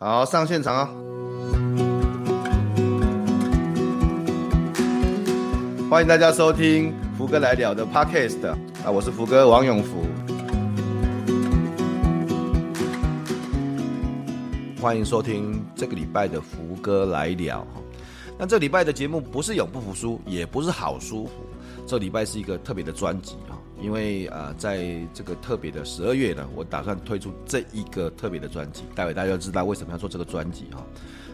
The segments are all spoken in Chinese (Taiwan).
好，上現場啊、哦！歡迎大家收聽福哥來了的 Podcast 啊，我是福哥王永福，歡迎收聽這個禮拜的福哥來了。那這禮拜的節目不是永不服輸，也不是好舒服，這個、禮拜是一個特別的專輯哈。因為呃，在這個特別的十二月呢，我打算推出這一個特別的專輯，待會大家就知道為什麼要做這個專輯哈。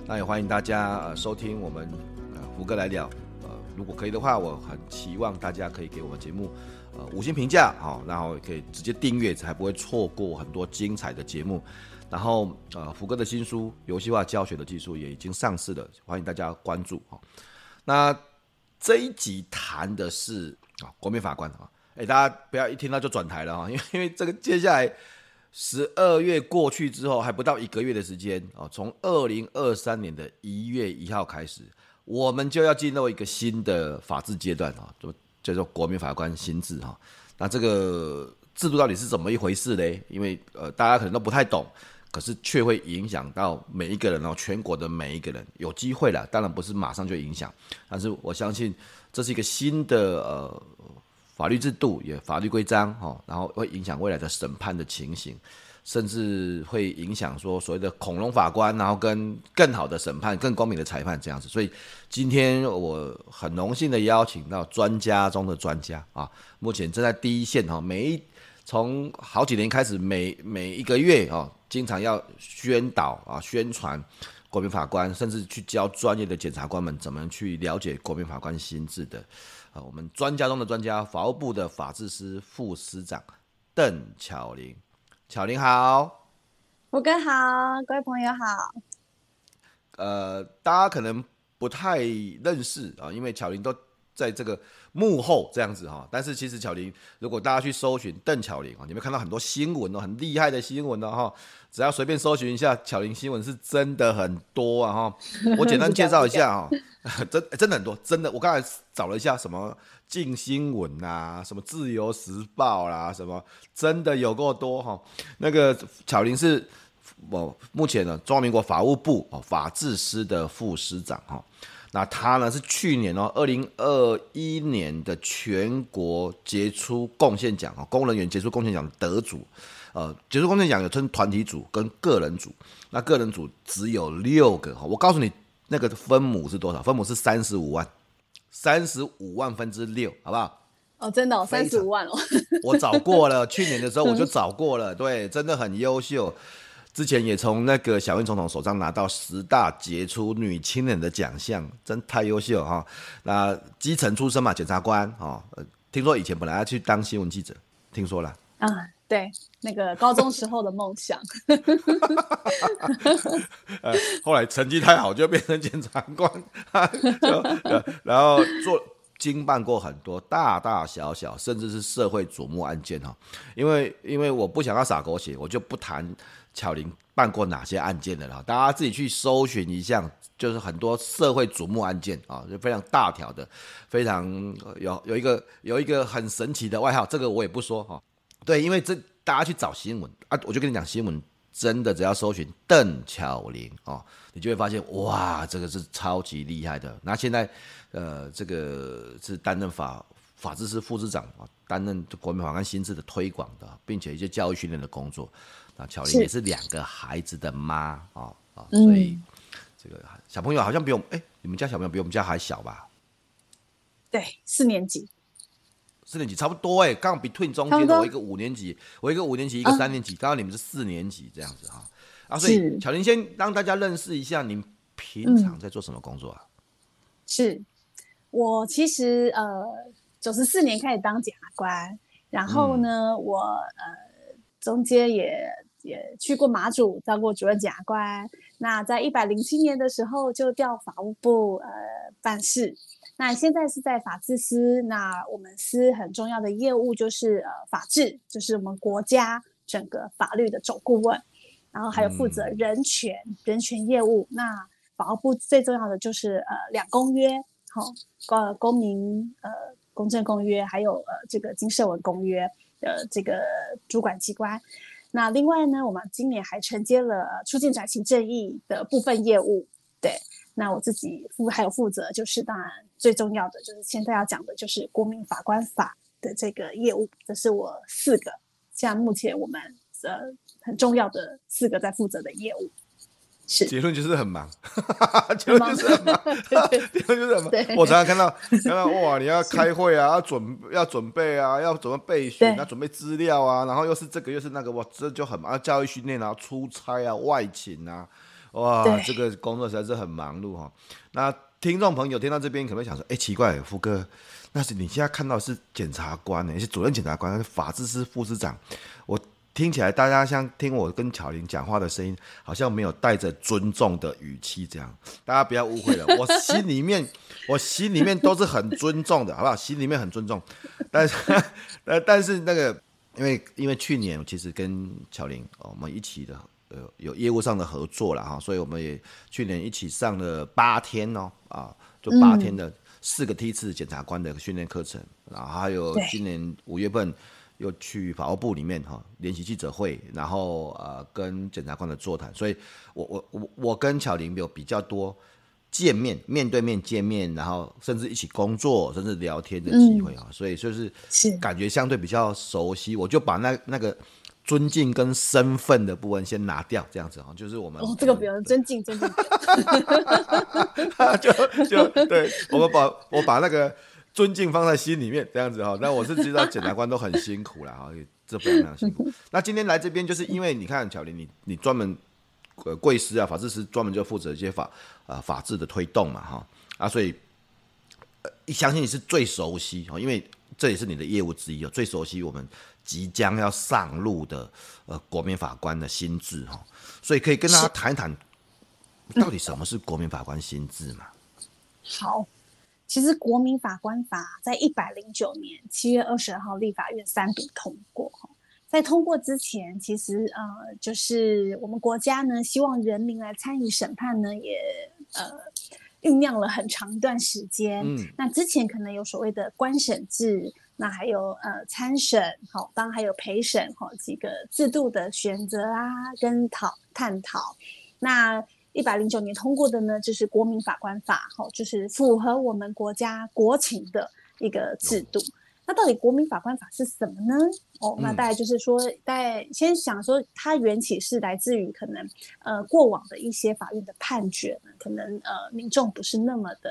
那也歡迎大家呃收聽我們呃福哥來聊，呃如果可以的話，我很期望大家可以給我們節目呃五星評價哈，然後可以直接訂閱，才不會錯過很多精彩的節目。然後呃福哥的新書《遊戲化教學的技術》也已經上市了，歡迎大家關注哈。那這一集談的是啊國民法官啊。哎，大家不要一聽到就轉台了因為因為這個接下來十二月過去之後，還不到一個月的時間哦，從二零二三年的一月一號開始，我們就要進入一個新的法制階段就,就叫做國民法官新制哈。那這個制度到底是怎麼一回事呢？因為呃，大家可能都不太懂，可是卻會影響到每一個人哦，全國的每一個人有機會了，當然不是馬上就影響，但是我相信這是一個新的呃。法律制度、也法律規章，然後會影響未來的審判的情形，甚至會影響說所謂的“恐龍法官”，然後跟更好的審判、更公平的裁判這樣子。所以今天我很榮幸的邀請到專家中的專家啊，目前正在第一線哈，每一從好幾年開始，每每一個月啊，經常要宣導啊、宣傳國民法官，甚至去教專業的檢察官們怎麼去了解國民法官新制的。啊，我們專家中的專家，法務部的法製司副司長鄧巧羚，巧羚好。福哥好，各位朋友好。呃，大家可能不太認識啊，呃，因為巧羚都。在這個幕後這樣子哈、哦，但是其實巧羚，如果大家去搜尋鄧巧羚啊，你們看到很多新聞哦，很厲害的新聞的哈。只要隨便搜尋一下巧羚新聞是真的很多啊哈、哦。我簡單介紹一下、哦、真的真的很多，真的，我剛才找了一下什麼《鏡新聞》啊，什麼《自由時報》啦，什麼真的有夠多哈、哦。那個巧羚是我、哦、目前呢中華民國法務部、哦、法制司的副司長哈、哦。那他呢是去年哦，二零二一年的全國傑出貢獻獎哦，公務人員傑出貢獻獎得主。呃，傑出貢獻獎有分團體組跟個人組，那個人組只有六個哈。我告訴你，那個分母是多少？分母是三十五萬，三十五萬分之六，好不好？哦，真的，三十五萬哦。我找過了，去年的時候我就找過了，對，真的很優秀。之前也從那個小英總統手上拿到十大傑出女青年的獎項，真太優秀哈、哦！那基層出身嘛，檢察官啊、呃、聽說以前本來要去當新聞記者，聽說了啊？對，那個高中時候的夢想，呃，後來成績太好就變成檢察官 就，然後做。經辦過很多大大小小、甚至是社會矚目案件哈，因為因為我不想要撒狗血，我就不談巧羚辦過哪些案件了，大家自己去搜尋一下，就是很多社會矚目案件啊，就非常大條的，非常有，有一個有一個很神奇的外號，這個我也不說哈，對，因為這大家去找新聞啊，我就跟你講新聞。真的只要搜尋鄧巧羚哦，你就會發現哇，這個是超級厲害的。那現在，呃，這個是擔任法法制司副司長啊，擔任國民法官新制的推廣的，並且一些教育訓練的工作。那巧羚也是兩個孩子的媽啊是、哦，所以、嗯、這個小朋友好像比我們哎、欸，你們家小朋友比我們家還小吧？對，四年級。四年級差不多哎、欸，剛好 between 中間不我一個五年級，我一個五年級，一個三年級，剛剛、嗯、你們是四年級這樣子是 啊，所以巧羚先讓大家認識一下，您平常在做什麼工作啊？嗯、是，我其實呃九十四年開始當檢察官，然後呢、嗯、我呃中間也也去過馬祖，當過主任檢察官，那在一百零七年的時候就調法務部呃辦事。那現在是在法制司，那我們司很重要的業務就是呃，法制，就是我們國家整個法律的總顧問，然後還有負責人權、人權業務。那法務部最重要的就是呃，兩公約，哈、哦，公民呃，公政公約，還有呃，這個經社文公約的這個主管機關。那另外呢，我們今年還承接了促進轉型正義的部分業務。對，那我自己負還有負責，就是當然最重要的就是現在要講的就是國民法官法的這個業務，這是我四個像目前我們呃很重要的四個在負責的業務。是結論就是很忙，哈 哈結論就是很忙，很忙 結論就是很忙。我常常看到看到哇，你要開會啊，要準要準備啊，要怎麼備，備選，對要準備資料啊，然後又是這個又是那個哇，這就很忙，啊。教育訓練啊，出差啊，外勤啊。哇，對這個工作實在是很忙碌哈。那聽眾朋友聽到這邊，可能會想說：“哎，奇怪，福哥，那是你現在看到是檢察官呢，是主任檢察官，是法制司副司長。我聽起來，大家像聽我跟巧羚講話的聲音，好像沒有帶着尊重的語氣，這樣大家不要誤會了。我心裡面， 我心裡面都是很尊重的，好不好？心裡面很尊重，但是，呃，但是那個，因為因為去年我其實跟巧羚我們一起的。”有業務上的合作了哈，所以我們也去年一起上了八天哦，啊，就八天的四個梯次檢察官的訓練課程，嗯、然後還有今年五月份又去法務部裡面哈，聯繫對記者會，然後呃跟檢察官的座談，所以我，我我我我跟巧羚有比，比較多見面，面對面見面，然後甚至一起工作，甚至聊天的機會啊、喔，嗯、所以就是感覺相對比較熟悉，是我就把那那個。尊敬跟身份的部分先拿掉，這樣子哈、哦，就是我們、哦、這個不用對尊敬，尊敬 就就對，我們把我把那個尊敬放在心裡面，這樣子哈、哦。那我是知道檢察官都很辛苦了哈， 這非常辛苦。 那今天來這邊就是因為你看巧羚，你你專門呃，貴司啊，法制司專門就負責一些法啊、呃，法治的推動嘛哈、哦、啊，所以呃，相信你是最熟悉哈、哦，因為這也是你的業務之一、哦、最熟悉我們。即將要上路的呃，國民法官的新制哈、哦，所以可以跟大家談一談，嗯、到底什麼是國民法官新制嘛？好，其實《國民法官法》在一百零九年七月二十號立法院三讀通過，在通過之前，其實呃，就是我們國家呢希望人民來參與審判呢，也呃醞釀了很長一段時間。嗯，那之前可能有所謂的觀審制。那還有呃參審、哦，當然還有陪審、哦，幾個制度的選擇啊，跟討探討。那一百零九年通過的呢，就是《國民法官法》哦，就是符合我們國家國情的一個制度。那到底《國民法官法》是什麼呢？哦，那大概就是說，大概、嗯、先想說，它緣起是來自於可能呃過往的一些法院的判決呢，可能呃民眾不是那麼的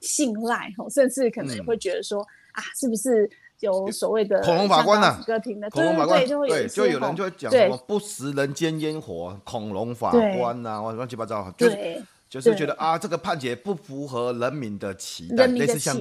信賴、哦，甚至可能會覺得說。嗯啊，是不是有所謂的恐龍法官呢？個的恐龍法官就會有，對，就有人就會講什麼不食人間煙火恐龍法官啊，或者亂七八糟，對，就是覺得啊，這個判決不符合人民的期待，類似像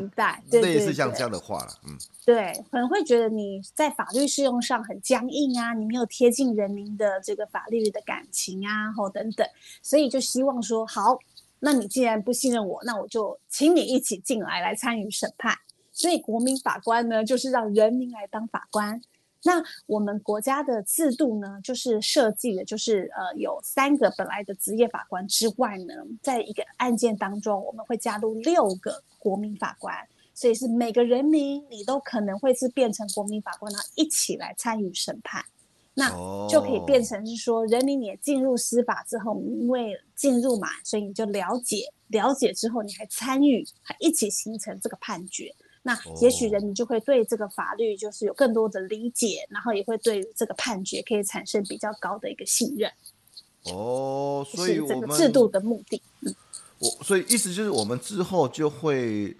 也是像這樣的話了，嗯，對，可能會覺得你在法律適用上很僵硬啊，你沒有貼近人民的這個法律的感情啊，或等等，所以就希望說，好，那你既然不信任我，那我就請你一起進來來參與審判。所以，國民法官呢，就是讓人民來當法官。那我們國家的制度呢，就是設計的，就是呃，有三個本來的職業法官之外呢，在一個案件當中，我們會加入六個國民法官。所以是每個人民，你都可能會是變成國民法官，然後一起來參與審判。那就可以變成是說，人民你也進入司法之後，因為進入嘛，所以你就了解，了解之後，你還參與，還一起形成這個判決。那也許人民就會對這個法律就是有更多的理解，哦、然後也會對這個判決可以產生比較高的一個信任。哦，所以我們就是這個制度的目的，嗯、我所以意思就是我們之後就會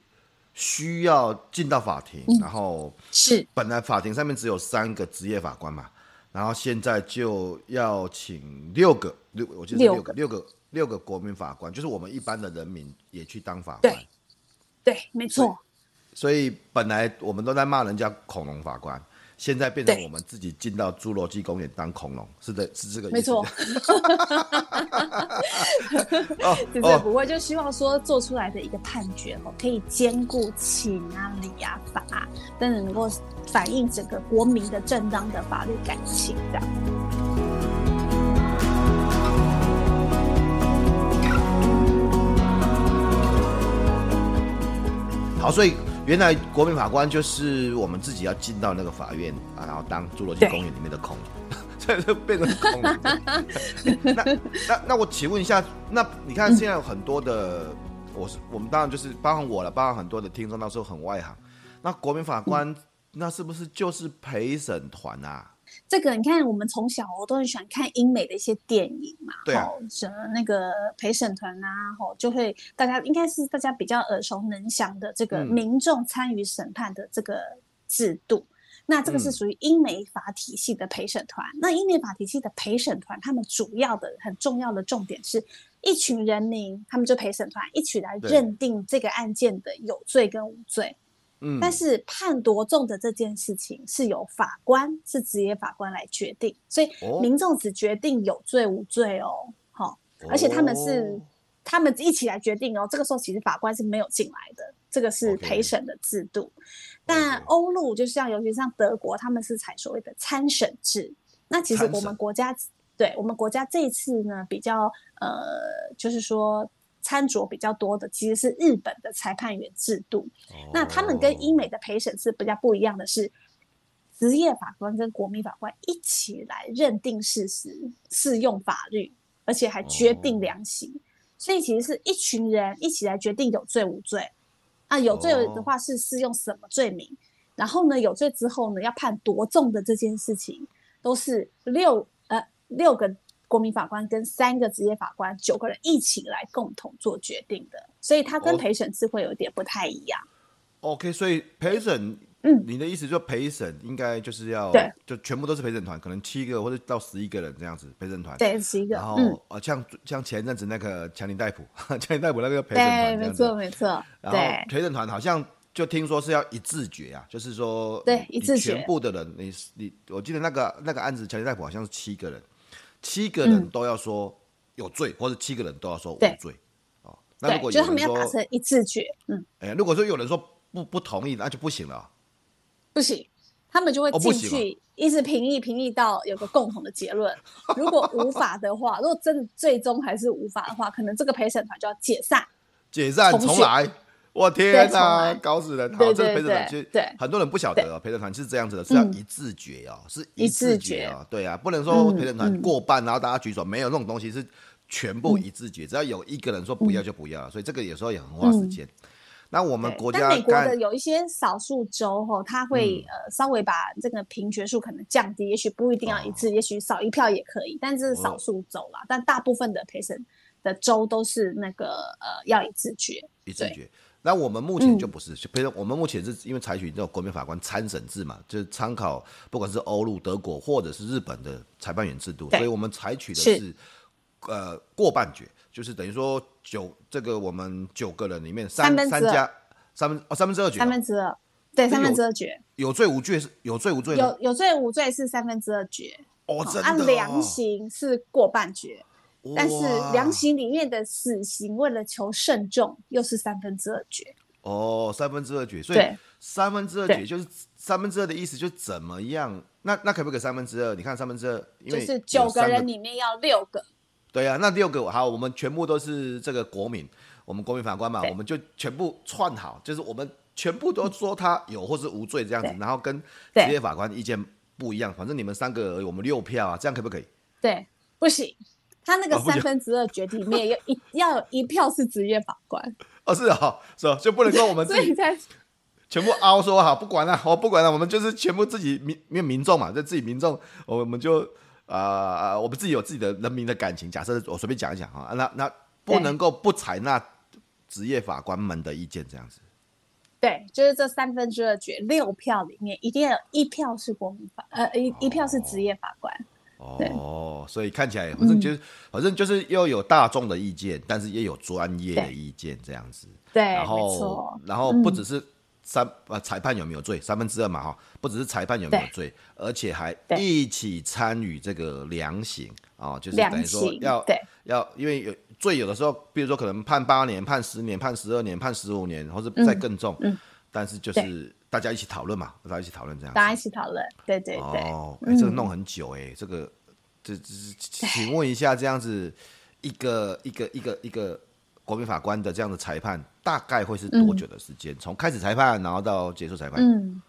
需要進到法庭，嗯、然後是本來法庭上面只有三個職業法官嘛，是然後現在就要請六個六，我記得六個六個六個國民法官，就是我們一般的人民也去當法官。對，對，沒錯。所以本來我們都在罵人家恐龍法官，現在變成我們自己進到侏羅紀公園當恐龍，對是的，是這個意思。沒錯，只是不會，哦、就希望說做出來的一個判決哦，可以兼顧情啊、理啊、法啊，都能夠反映整個國民的正當的法律感情，這樣。好，所以。原來國民法官就是我們自己要進到那個法院，啊、然後當侏羅紀公園裡面的恐龍，這就對 變成恐空龍。 那那那我請問一下，那你看現在有很多的，嗯、我是我們當然就是包含我了，包含很多的聽眾，到時候很外行。那國民法官、嗯、那是不是就是陪審團啊？這個你看，我們從小、哦、都很喜歡看英美的一些電影嘛，對、啊、什麼那個陪審團啊，吼，就會大家應該是大家比較耳熟能詳的這個民眾參與審判的這個制度。嗯、那這個是屬於英美法體系的陪審團。嗯、那英美法體系的陪審團，他們主要的很重要的重點是一群人民，他們就陪審團一起來認定這個案件的有罪跟無罪。但是判多重的這件事情是由法官，是職業法官來決定，所以民眾只決定有罪無罪哦，好、哦，而且他們是、哦、他們一起來決定哦。這個時候其實法官是沒有進來的，這個是陪審的制度。Okay, 但歐陸就是像尤其像德國，他們是採所謂的參審制。那其實我們國家，參審？對我們國家這一次呢，比較呃，就是說。參酌比較多的其實是日本的裁判員制度，oh. 那他們跟英美的陪審是比較不一樣的是，職業法官跟國民法官一起來認定事實、適用法律，而且還決定量刑，oh. 所以其實是一群人一起來決定有罪無罪啊，有罪的話是適用什麼罪名，oh. 然後呢，有罪之後呢要判多重的這件事情，都是六呃六個。國民法官跟三個職業法官九個人一起來共同做決定的，所以他跟陪審制會有點不太一樣。OK，所以陪審，嗯，你的意思就是陪審應該就是要對，就全部都是陪審團，可能七個或者到十一個人這樣子陪審團，對，十一個。然後、嗯、呃，像像前陣子那個強尼戴普強尼戴普那個陪審團，對，沒錯沒錯。然後陪審團好像就聽說是要一致決啊，對就是說對，一致決全部的人，你你，我記得那個那個案子強尼戴普好像是七個人。七個人都要說有罪，嗯、或者七個人都要說無罪，啊對、哦，那如果就是他們要達成一致決，嗯、欸，如果說有人說不不同意，那就不行了、啊，不行，他們就會進去，一直評議評議到有個共同的結論。哦、如果無法的話， 如果真的最終還是無法的話，可能這個陪審團就要解散，解散重來。我天啊，搞死人！對對對，很多人不曉得，陪審團是這樣子的，是要一致決哦，是一致決哦，對啊，不能說陪審團過半，然後大家舉手，沒有那種東西，是全部一致決，只要有一個人說不要就不要，所以這個有時候也很花時間。那我們國家，美國的有一些少數州哈，他會呃稍微把這個評決數可能降低，也許不一定要一致，也許少一票也可以，但是少數州啦，但大部分的陪審的州都是那個呃要一致決，一致決。那我們目前就不是，比、嗯、如說我們目前是因為採取這種國民法官參審制嘛，就是參考不管是歐陸德國或者是日本的裁判員制度，對所以我們採取的是，是呃，過半決，就是等於說九這個我們九個人裡面三分三分之二三，加三分哦三分之二決三分之二對三分之二決有，有罪無罪是有罪無罪有有罪無罪是三分之二決哦按量刑是過半決。但是量刑裡面的死刑，為了求慎重，又是三分之二決哦，三分之二決，所以三分之二決就是三分之二的意思，就怎麼樣？對那那可不可以三分之二？你看三分之二，因為就是九個人裡面要六個，對啊，那六個我好，我們全部都是這個國民，我們國民法官嘛，對我們就全部串好，就是我們全部都說他有或是無罪這樣子，對然後跟職業法官意見不一樣，對反正你們三個而已，我們六票啊，這樣可不可以？對，不行。他那個三分之二決，裡面要一要有一票是職業法官哦。 哦，是哈，哦，是，哦，就不能夠我們自己在全部凹說哈，不管了，啊，我，哦，不管了，啊，我們就是全部自己民，因為民眾嘛，在自己民眾，我們就啊，呃，我們自己有自己的人民的感情。假設我隨便講一講哈，啊，那那不能夠不採納職業法官們的意見，這樣子。對，就是這三分之二決，六票裡面一定要有一票是國民法，呃，一一票是職業法官。哦哦，所以看起來反正就是，反正就是又有大眾的意見，但是也有專業的意見這樣子。對，然後然後不只是三啊，裁判有沒有罪？三分之二嘛，哈，不只是裁判有沒有罪，而且還一起參與這個量刑啊，就是等於說要要，因為有罪有的時候，比如說可能判八年、判十年、判十二年、判十五年，或者是再更重，但是就是。大家一起討論嘛，大家一起討論這樣。大家一起討論，對對對，對。哦、嗯欸，這個弄很久哎、欸，這個這這，嗯、請問一下，這樣子一個，一個一個一個一個國民法官的這樣的裁判，大概會是多久的時間？從、嗯、開始裁判，然後到結束裁判。嗯，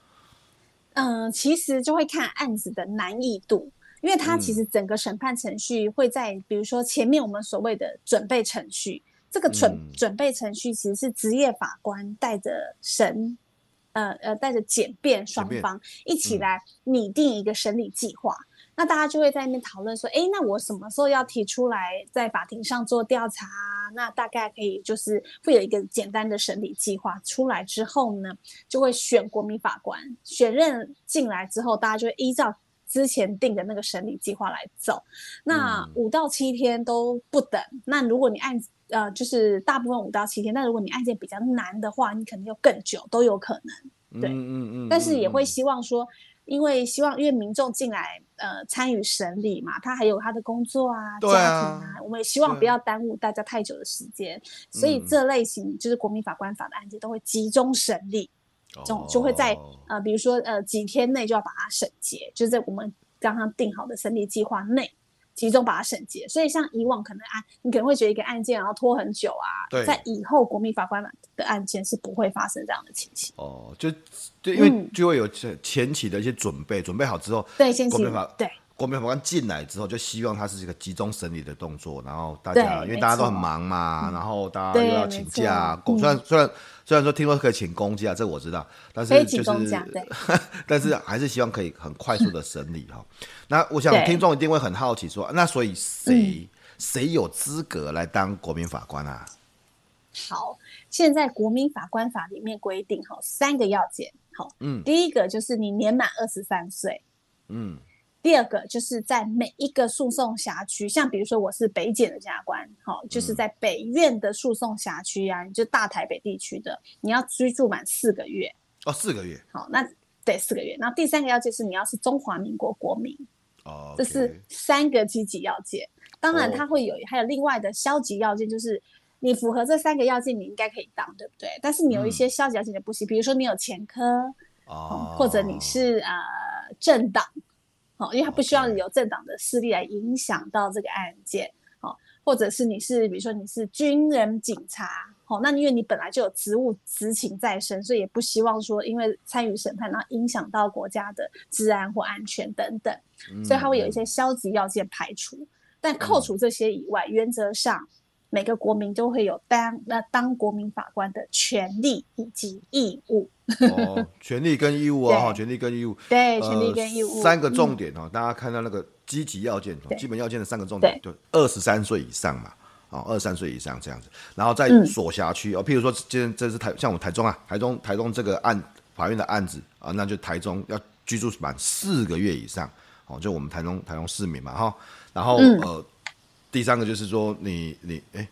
嗯、呃，其實就會看案子的難易度，因為他其實整個審判程序會在，嗯、比如說前面我們所謂的準備程序，這個準、嗯、準備程序其實是職業法官帶着審。呃呃，帶着檢辯雙方、檢辯、嗯、一起來擬定一個審理計劃，嗯、那大家就會在那邊討論說，誒、欸，那我什麼時候要提出來在法庭上做調查？那大概可以就是會有一個簡單的審理計劃出來之後呢，就會選國民法官選任進來之後，大家就會依照之前定的那個審理計劃來走。那五到七天都不等。嗯、那如果你按呃，就是大部分五到七天，但如果你案件比較難的話，你可能要更久，都有可能。對，嗯嗯嗯、但是也會希望說，因為希望因為民眾進來呃參與審理嘛，他還有他的工作啊、對啊家庭啊，我們也希望不要耽誤大家太久的時間。對所以這類型就是國民法官法的案件都會集中審理，嗯、這就會在呃比如說呃幾天內就要把它審結，就是在我們剛剛定好的審理計劃內。集中把它審結，所以像以往可能案，你可能會覺得一個案件然後拖很久啊。對、哦。在以後，國民法官的案件是不會發生這樣的情形。哦，就對，就因為就會有前前期的一些準備，嗯、準備好之後，對，先期對。國民法官進來之後，就希望它是一個集中審理的動作。然後大家，因為大家都很忙嘛，然後大家又要請假，公雖然雖然雖然說聽說可以請公假，這我知道，但是就是，但是還是希望可以很快速的審理哈。那我想聽眾一定會很好奇，說那所以誰誰有資格來當國民法官啊？好，現在國民法官法裡面規定哈，三個要件，好，嗯，第一個就是你年滿二十三歲，嗯。第二個就是在每一個訴訟轄區，像比如說我是北檢的檢察官，嗯、就是在北院的訴訟轄區啊。就是、大台北地區的，你要居住滿四個月哦，四個月，好，那得四個月。然後第三個要件是你要是中華民國國民哦，okay、這是三個積極要件。當然它會有、哦、還有另外的消極要件，就是你符合這三個要件，你應該可以當，對不對？但是你有一些消極要件的不行，嗯、比如說你有前科哦，啊、或者你是啊、呃、政黨。因為他不需要有政黨的勢力來影響到這個案件，哦，Okay. 或者是你是比如說你是軍人、警察，哦，那因為你本來就有職務執勤在身，所以也不希望說因為參與審判，然後影響到國家的治安或安全等等，mm、所以他會有一些消極要件排除。但扣除這些以外，oh. 原則上。每個國民都會有當那當國民法官的權利以及義務。哦，權利跟義務啊，哈對、哦，權利跟義務，對，呃、權利跟義務三個重點哦，嗯、大家看到那個積極要件、對基本要件的三個重點，對，二十三歲以上嘛，啊對，二十三歲以上這樣子，然後在所轄區哦，嗯、譬如說，今天這是台像我們台中啊，台中台中這個案法院的案子啊、呃，那就台中要居住滿四個月以上，哦，就我們台中台中市民嘛，哈、哦，然後、嗯、呃。第三個就是說，你你哎，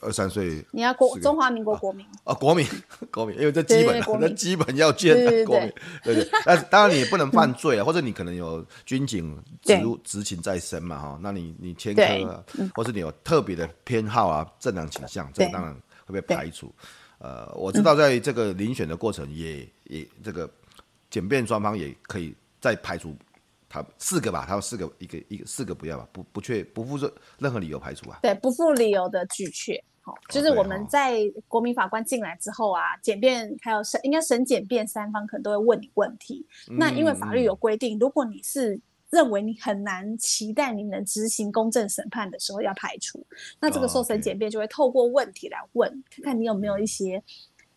二三歲你要國中華民國國民啊，國民國民，因為這基本，這基本要兼顧，對對，但是當然你也不能犯罪啊，或者你可能有軍警職務執勤在身嘛哈，那你你簽虛啊，或是你有特別的偏好啊，政黨傾向，這個當然會被排除。呃，我知道在這個遴選的過程也也這個檢辯雙方也可以再排除。他四個吧，他有四個，一個一個，一個四個不要吧，不不確不負責任何理由排除吧，啊，對，不負理由的拒絕，好，就是我們在國民法官進來之後啊，檢辯、哦哦、還有審，應該審檢辯三方可能都會問你問題，嗯、那因為法律有規定，如果你是認為你很難期待你能執行公正審判的時候要排除，那這個時候審檢辯就會透過問題來問，哦 okay，看看你有沒有一些。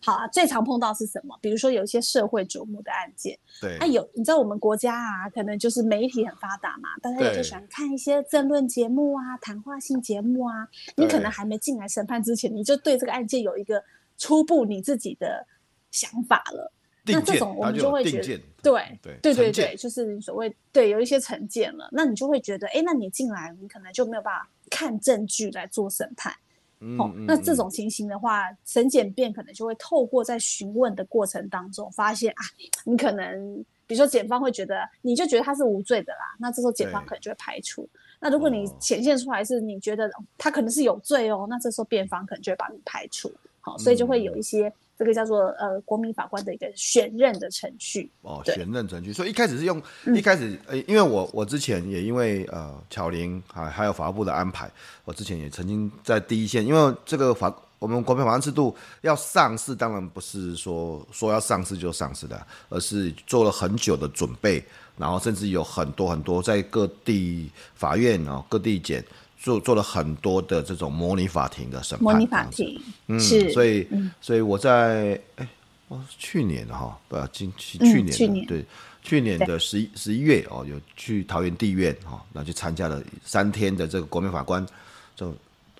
好啊，最常碰到的是什麼？比如說有一些社會矚目的案件，那對、啊、有你知道我們國家啊，可能就是媒體很發達嘛，大家也就喜歡看一些政論節目啊、談對話性節目啊。你可能還沒進來審判之前，對你就對這個案件有一個初步你自己的想法了。件那這種我們就會覺得對對對對，件就是所謂對有一些成見了，那你就會覺得，哎、欸，那你進來你可能就沒有辦法看證據來做審判。嗯嗯嗯、哦，那這種情形的話，審檢辯可能就會透過在詢問的過程當中，發現啊，你可能，比如說檢方會覺得，你就覺得他是無罪的啦，那這時候檢方可能就會排除。對那如果你顯現出來是，你覺得、哦哦、他可能是有罪哦，那這時候辯方可能就會把你排除。好、哦，所以就會有一些。這個叫做呃國民法官的一個選任的程序哦，選任程序，所以一開始是用，嗯，一開始呃，因為我我之前也因為呃巧羚啊還有法務部的安排，我之前也曾經在第一線，因為這個法我們國民法官制度要上市，當然不是說說要上市就上市的，而是做了很久的準備，然後甚至有很多很多在各地法院哦各地檢。做做了很多的這種模擬法庭的審判，嗯、模擬法庭是，嗯、所以所以我在哎、欸哦，去年哈，呃，今去,去,、嗯、去年，去年對，去年的十十一月哦，有去桃園地院哈，那就參加了三天的這個國民法官這種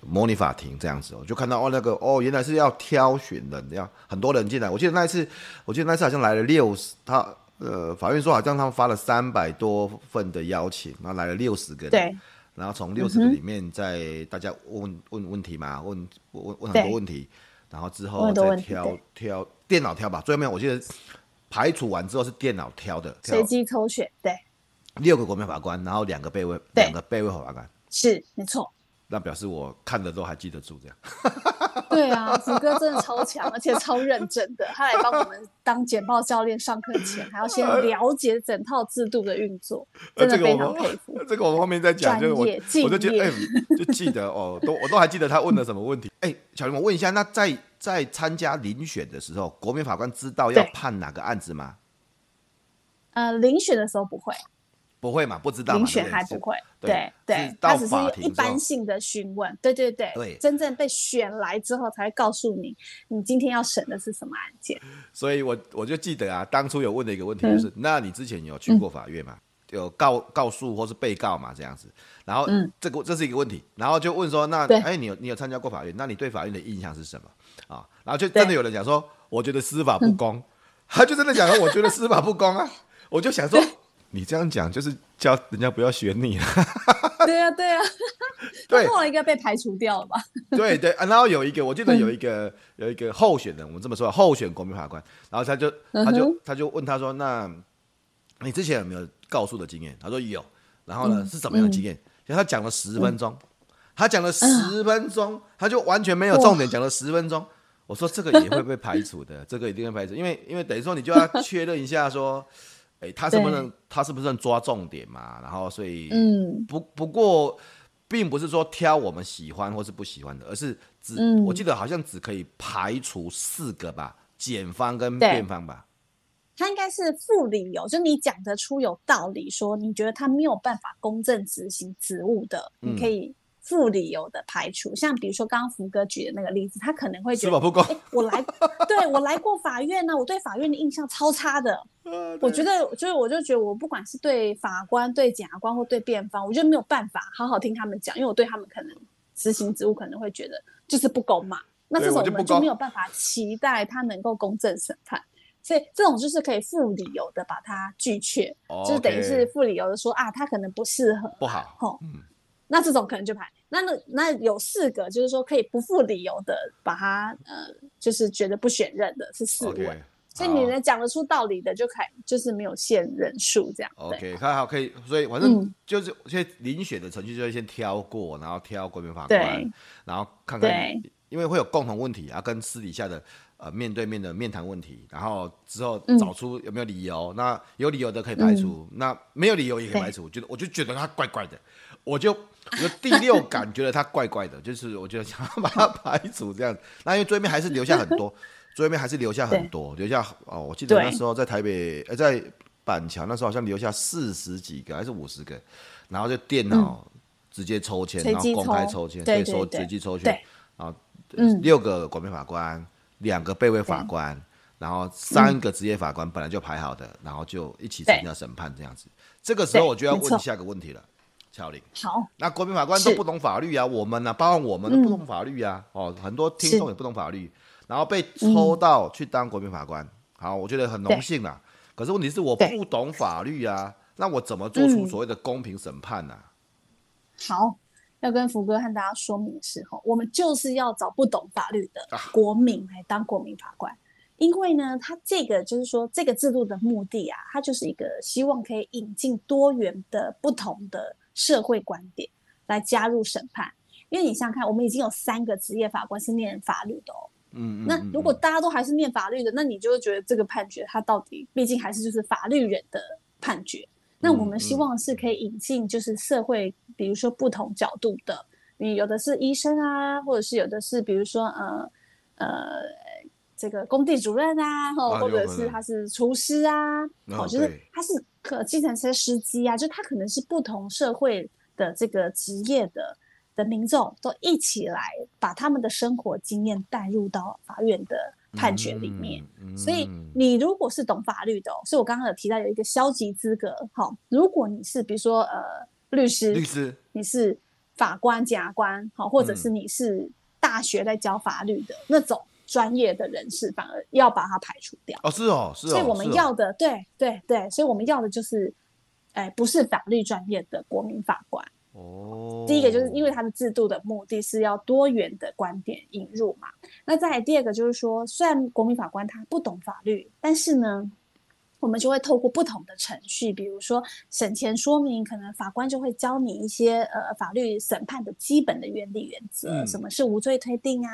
模擬法庭這樣子，我就看到哦那個哦原來是要挑選的，要很多人進來，我記得那一次，我記得那一次好像來了六十，他呃法院說好像他們發了三百多份的邀請，那來了六十個人。對。然後從六十個裡面再大家問、嗯、哼問問題嘛，問問問,問很多問題，對然後之後再挑挑,挑電腦挑吧。最後面我記得排除完之後是電腦挑的，隨機抽選，對。六個國民法官，然後兩個備位，對兩個備位法官，是沒錯。那表示我看的都還記得住，這樣。對啊，福哥真的超強， 而且超認真的。他來幫我們當簡報教練，上課前還要先了解整套制度的運作，佩服。啊、這個我們 後面再講。專業敬業我覺得。業、欸，就記得哦，我都我都還記得他問了什麼問題。哎、 欸，小林，我問一下，那在在參加遴選的時候，國民法官知道要判哪個案子嗎？呃，遴選的時候不會。不會嘛？不知道嘛？遴選還不會，對對，但只是一般性的詢問，對對對，真正被選來之後才會告訴你，你今天要審的是什麼案件。所以我我就記得啊，當初有問的一個問題就是，那你之前有去過法院嗎？有告告訴或是被告嘛這樣子？然後這個這是一個問題，然後就問說，那誒，你有你有參加過法院？那你對法院的印象是什麼啊？然後就真的有人講說，我覺得司法不公，他就真的講說，我覺得司法不公啊，我就想說。你這樣講就是叫人家不要選你了。 對啊，對啊， 對，我應該被排除掉了吧 ？對對,對，啊、然後有一個，我記得有一個、嗯、有一個候選人，我們這麼說，候選國民法官，然後他就,他就他就他就問他說：“那你之前有沒有告訴的經驗？”他說：“有。”然後呢是怎麼樣的經驗？然後他講了十分鐘，他講了十分鐘，他就完全沒有重點，講了十分鐘。我說這個也會被排除的，這個一定會排除，因為因為等於說你就要確認一下說。哎、欸，他是不是能對他是不是抓重點嘛？然後所以，嗯，不不過，並不是說挑我們喜歡或是不喜歡的，而是只、嗯、我記得好像只可以排除四個吧，檢方跟辯方吧。他應該是附理由，就你講得出有道理說，說你覺得他沒有辦法公正執行職務的，你可以。嗯附理由的排除，像比如說剛剛福哥舉的那個例子，他可能會覺得不、欸、我來，對，我來過法院呢，啊，我對法院的印象超差的。我覺得，所以我就覺得，我不管是對法官、對檢察官或對辯方，我就沒有辦法好好聽他們講，因為我對他們可能執行職務可能會覺得就是不公嘛。那這種我們就沒有辦法期待他能夠公正審判，所以這種就是可以附理由的把它拒絕，就是等於是附理由的說啊，他可能不適合，不好。嗯，那這種可能就排。那那那有四個，就是說可以不附理由的把他呃，就是覺得不選任的是四位，okay, 好所以你能講得出道理的就可以，就是沒有限人數這樣。OK，還好可以，所以反正就是先遴選的程序就會先挑過，嗯、然後挑國民法官，對然後看看，因為會有共同問題啊，跟私底下的呃面對面的面談問題，然後之後找出有沒有理由，嗯、那有理由的可以排除，嗯、那沒有理由也可以排除。我覺得我就覺得他怪怪的。我就我第六感覺得他怪怪的，就是我覺得想把他排除這樣。那因為最後面還是留下很多，最後面還是留下很多，留下哦，我記得那時候在台北呃在板橋那時候好像留下四十幾個還是五十個，然後就電腦直接抽籤，然後公開抽籤，可以說隨機抽籤。然後六個國民法官，兩個備位法官，然後三個職業法官本來就排好的，然後就一起參加審判這樣子。這個時候我就要問下個問題了。小林好，那國民法官都不懂法律啊？是我們呢、啊，包括我們的不懂法律啊，哦、嗯，很多聽眾也不懂法律，是然後被抽到去當國民法官，嗯、好，我覺得很榮幸啊。對可是問題是我不懂法律啊，對那我怎麼做出所謂的公平審判呢、啊嗯？好，要跟福哥和大家說明的是，候，我們就是要找不懂法律的國民來當國民法官，啊、因為呢，他這個就是說，這個制度的目的啊，他就是一個希望可以引進多元的不同的。社會觀點來加入審判，因為你想想看，我們已經有三個職業法官是念法律的哦。嗯，那如果大家都還是念法律的，那你就會覺得這個判決它到底，畢竟還是就是法律人的判決。那我們希望是可以引進就是社會，比如說不同角度的，你有的是醫生啊，或者是有的是比如說呃呃。這個工地主任啊，或者是他是廚師啊，吼，就是他是可計程車司機啊，就是、他可能是不同社會的這個職業的的民眾，都一起來把他們的生活經驗帶入到法院的判決裡面。嗯嗯、所以你如果是懂法律的、哦，所以我剛剛有提到有一個消極資格，好、哦，如果你是比如說呃律師，律師，律師你是法官、檢察官，好、哦，或者是你是大學在教法律的、嗯、那種。專業的人士反而要把它排除掉哦，是哦，是哦。是哦，所以我們要的，哦、對對對，所以我們要的就是，哎、欸，不是法律專業的國民法官。哦，第一個就是因為他的制度的目的是要多元的觀點引入嘛。那再第二個就是說，雖然國民法官他不懂法律，但是呢。我們就會透過不同的程序，比如說審前說明，可能法官就會教你一些呃法律審判的基本的原理原則，什麼是無罪推定啊，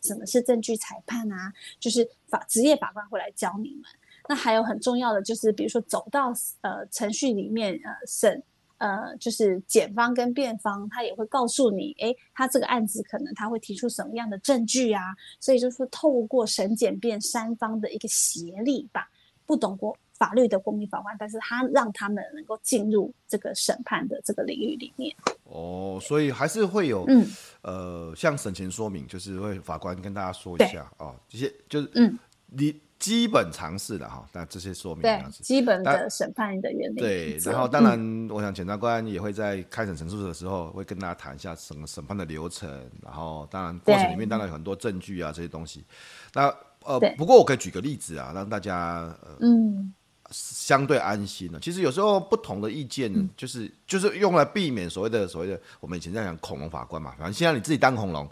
什麼是證據裁判啊，就是法職業法官會來教你們。那還有很重要的就是，比如說走到呃程序裡面呃審呃就是檢方跟辯方，他也會告訴你，誒、欸，他這個案子可能他會提出什麼樣的證據啊，所以就是說透過審檢辯三方的一個協力吧，不懂過法律的公民法官，但是他讓他們能夠進入這個審判的這個領域裡面。哦，所以還是會有，嗯，呃，像審前說明，就是會法官跟大家說一下啊，這些就是，嗯，你基本常識的哈。那這些說明，基本的審判的原理。對，然後當然，我想檢察官也會在開審陳述的時候會跟大家談一下審審判的流程。然後當然，過程裡面當然有很多證據啊這些東西。那呃，不過我可以舉個例子啊，讓大家，嗯。相對安心了。其實有時候不同的意見，就是就是用來避免所謂的所謂的我們以前在講恐龍法官嘛。反正現在你自己當恐龍，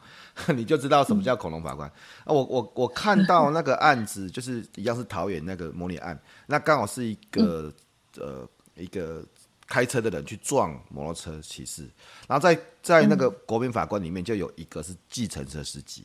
你就知道什麼叫恐龍法官。啊，我我我看到那個案子，就是一樣是桃園那個模擬案，那剛好是一個呃一個開車的人去撞摩托車騎士，然後在在那個國民法官裡面就有一個是計程車司機，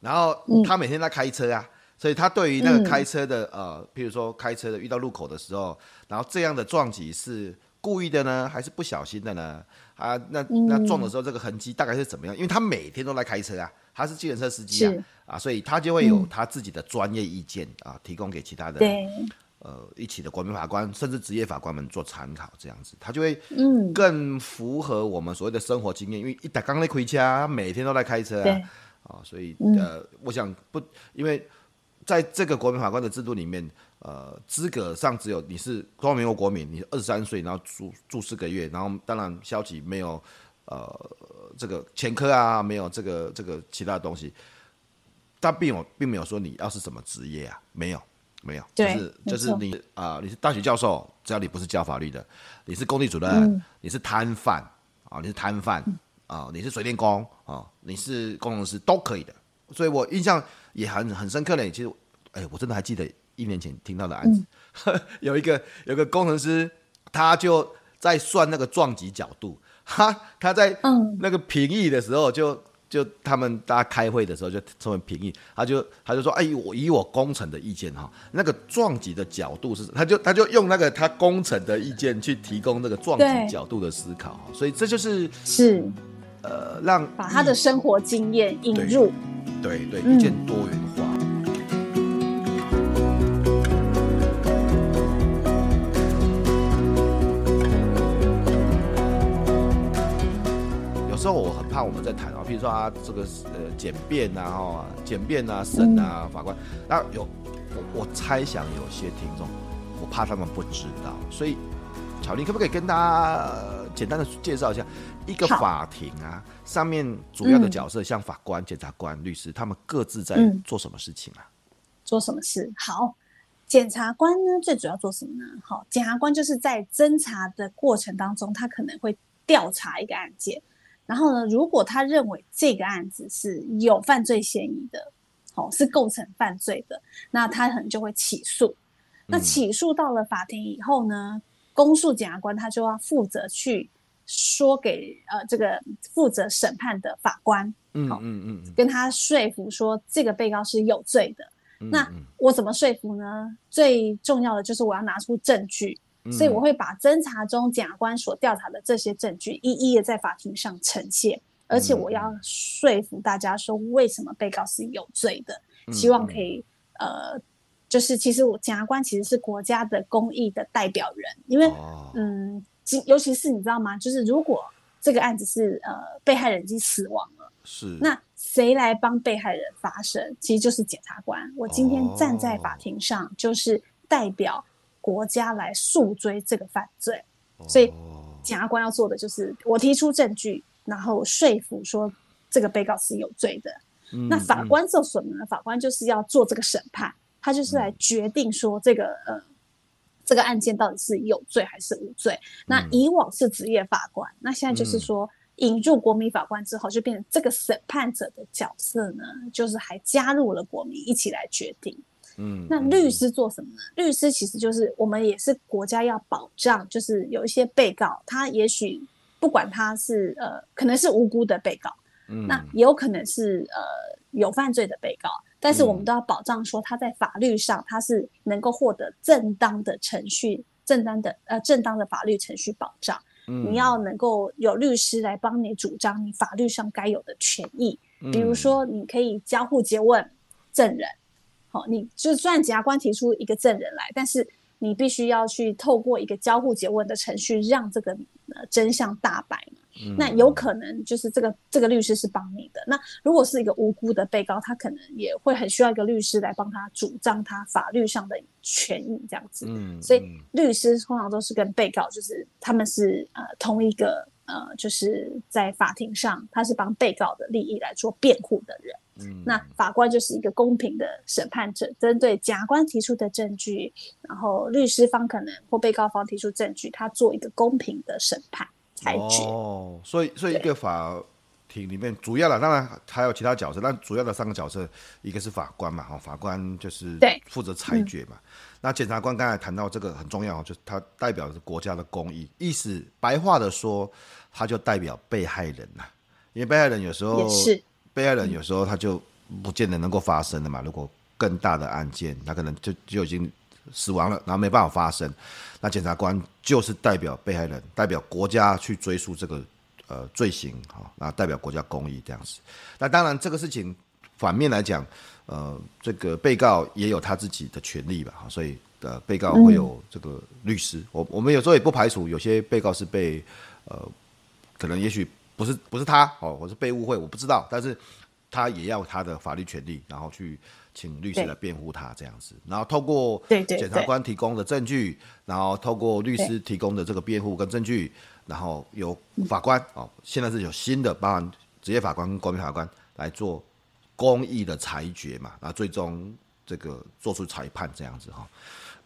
然後他每天在開車啊，所以他對於那個開車的，嗯、呃，譬如說開車的遇到路口的時候，然後這樣的撞擊是故意的呢，還是不小心的呢？啊，那、嗯、那撞的時候這個痕跡大概是怎麼樣？因為他每天都來開車啊，他是計程車司機啊，是啊，所以他就會有他自己的專業意見啊、嗯呃，提供給其他的對呃一起的國民法官，甚至職業法官們做參考，這樣子他就會更符合我們所謂的生活經驗，因為他每天在開車，每天都在開車啊，對呃、所以、嗯、呃，我想不因為。在這個國民法官的制度裡面，呃，資格上只有你是中華民國國民，你二十三歲，然後住住四個月，然後當然消極沒有，呃，這個前科啊，沒有這個這個其他的東西，但並有並沒有說你要是什麼職業啊，沒有，沒有，對就是就是你啊你說、呃，你是大學教授，只要你不是教法律的，你是工地主任，嗯、你是攤販啊，你是攤販啊，你是水電工啊、哦，你是工程師都可以的，所以我印象。也很很深刻呢。其實，哎，我真的還記得一年前聽到的案子，嗯、有一個有一個工程師，他就在算那個撞擊角度。哈，他在那個評議的時候就，嗯、就就他們大家開會的時候就稱為評議，他就他就說：“哎，我以我工程的意見哈，那個撞擊的角度是……他就他就用那個他工程的意見去提供那個撞擊角度的思考哈。對所以這就是是呃，讓把他的生活經驗引入。”對對，一件多元化。嗯、有時候我很怕我們在談啊，譬如說啊，這個呃簡便啊，哈、哦、簡便啊，審啊，法官、嗯、然有，我我猜想有些聽眾，我怕他們不知道，所以巧羚可不可以跟他？簡單的介紹一下一個法庭啊，好上面主要的角色、嗯、像法官、檢察官、律師，他們各自在做什麼事情啊？做什麼事？好，檢察官呢，最主要做什麼呢？好，檢察官就是在偵查的過程當中，他可能會調查一個案件，然後呢，如果他認為這個案子是有犯罪嫌疑的，好、嗯，是構成犯罪的，那他可能就會起訴。那起訴到了法庭以後呢？公訴檢察官他就要負責去說給呃這個負責審判的法官，嗯，嗯嗯，跟他說服說這個被告是有罪的。嗯、那我怎麼說服呢？最重要的就是我要拿出證據，嗯、所以我會把偵查中檢察官所調查的這些證據一一的在法庭上呈現，嗯、而且我要說服大家說，為什麼被告是有罪的，嗯、希望可以、嗯、呃。就是其實我檢察官其實是國家的公益的代表人，因為、哦、嗯，尤其是你知道嗎？就是如果這個案子是呃被害人已經死亡了，是那誰來幫被害人發聲？其實就是檢察官。我今天站在法庭上，就是代表國家來訴追這個犯罪。所以檢、哦、察官要做的就是我提出證據，然後說服說這個被告是有罪的。嗯、那法官做什麼呢？嗯、法官就是要做這個審判。他就是來決定說這個、嗯、呃，這個案件到底是有罪還是無罪。嗯、那以往是職業法官，那現在就是說、嗯、引入國民法官之後，就變成這個審判者的角色呢，就是還加入了國民一起來決定。嗯，那律師做什麼呢？嗯、律師其實就是我們也是國家要保障，就是有一些被告，他也許不管他是呃，可能是無辜的被告，嗯，那也有可能是呃有犯罪的被告。但是我們都要保障說，他在法律上他是能夠獲得正當的程序，正當的呃，正當的法律程序保障。嗯，你要能夠有律師來幫你主張你法律上該有的權益。比如說你可以交互詰問證人，好，嗯哦，你就算檢察官提出一個證人來，但是你必須要去透過一個交互詰問的程序，讓這個。真相大白，那有可能就是這個這個律師是幫你的。那如果是一個無辜的被告，他可能也會很需要一個律師來幫他主張他法律上的權益這樣子。所以律師通常都是跟被告，就是他們是、呃、同一個。呃，就是在法庭上，他是幫被告的利益來做辯護的人。嗯，那法官就是一個公平的審判者，針對甲官提出的證據，然後律師方可能或被告方提出證據，他做一個公平的審判裁決。哦，所以，所以一個法。裡面主要的，當然還有其他角色，但主要的三個角色，一個是法官嘛，哈，法官就是負責裁決嘛。嗯、那檢察官剛才談到這個很重要，就是它代表的是國家的公益，意思白話的說，它就代表被害人吶、啊。因為被害人有時候，是被害人有時候他就不見得能夠發聲的嘛。如果更大的案件，那可能就就已經死亡了，然後沒辦法發聲。那檢察官就是代表被害人，代表國家去追訴這個。呃，罪行哈，那代表國家公益這樣子。那當然，這個事情反面來講，呃，這個被告也有他自己的權利吧，哈，所以呃，被告會有這個律師。嗯、我我們有時候也不排除有些被告是被呃，可能也許不是不是他哦，或是被誤會，我不知道，但是他也要他的法律權利，然後去請律師來辯護他這樣子。然後透過檢察官提供的證據，對對對對，然後透過律師提供的這個辯護跟證據。對對對對。然後由法官哦，現在是有新的，包含職業法官跟國民法官來做公益的裁決嘛，然後最終這個做出裁判這樣子哈、哦。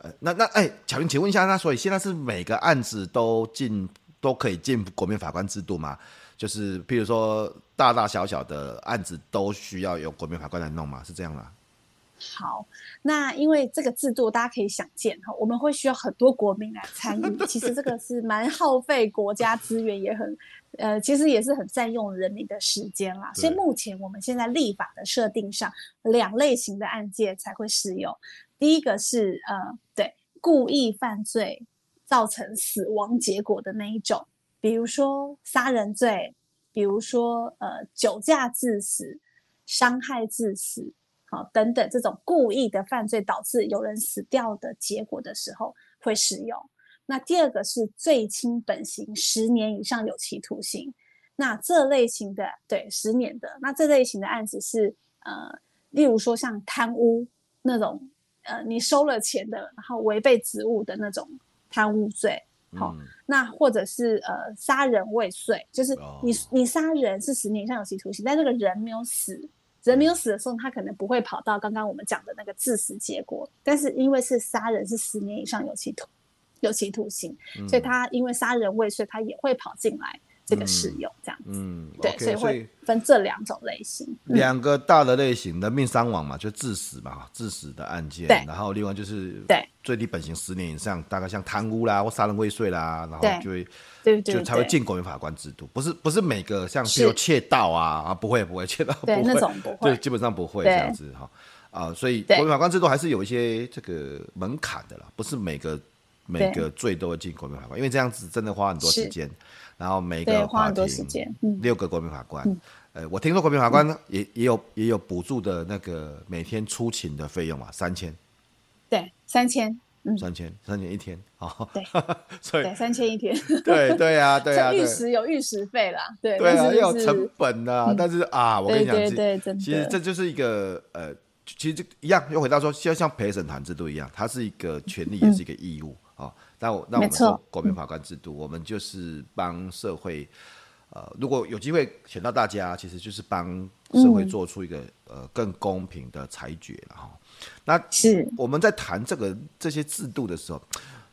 呃，那那哎，巧羚，請問一下，那所以現在是每個案子都進都可以進國民法官制度嗎？就是譬如說大大小小的案子都需要由國民法官來弄嗎？是這樣嗎？好，那因為這個制度，大家可以想見哈，我們會需要很多國民來參與。 其實這個是蠻耗費國家資源，也很呃，其實也是很佔用人民的時間啦。所以目前我們現在立法的設定上，兩類型的案件才會適用。第一個是呃，對，故意犯罪造成死亡結果的那一種，比如說殺人罪，比如說呃，酒駕致死、傷害致死。好，哦，等等，這種故意的犯罪導致有人死掉的結果的時候，會適用。那第二個是最輕本刑十年以上有期徒刑。那這類型的，對，十年的。那這類型的案子是，呃，例如說像貪污那種，呃，你收了錢的，然後違背職務的那種貪污罪。好，哦，嗯、那或者是呃，殺人未遂，就是你，oh. 你殺人是十年以上有期徒刑，但那個人沒有死。人沒有死的時候，他可能不會跑到剛剛我們講的那個致死結果，但是因為是殺人，是十年以上有期徒有期徒刑，所以他因為殺人未遂，他也會跑進來。這個使用這樣子，嗯，對，所以會分這兩種類型，兩個大的類型，人命傷亡嘛，就致死嘛，致死的案件，對，然後另外就是對最低本刑十年以上，大概像貪污啦或殺人未遂啦，然後就會對，就才會進國民法官制度，不是不是每個像比如竊盜啊啊不會不會竊盜不會，就基本上不會這樣子哈啊，所以國民法官制度還是有一些這個門檻的啦，不是每個每個罪都會進國民法官，因為這樣子真的花很多時間。然後每個法庭六個國民法官，呃，我聽說國民法官也也有也有補助的那個每天出勤的費用啊，三千。對，三千。嗯。三千，三千一天啊。對，所以三千一天。對對啊，對啊。律師有律師費啦，對。對啊，有成本的，但是啊，我跟你講，其實這就是一個呃，其實這一樣又回到說，就像陪審團制度一樣，它是一個權利，也是一個義務。那我那我們說國民法官制度，嗯、我們就是幫社會，呃，如果有機會選到大家，其實就是幫社會做出一個、嗯、呃更公平的裁決，然後那是我們在談這個這些制度的時候，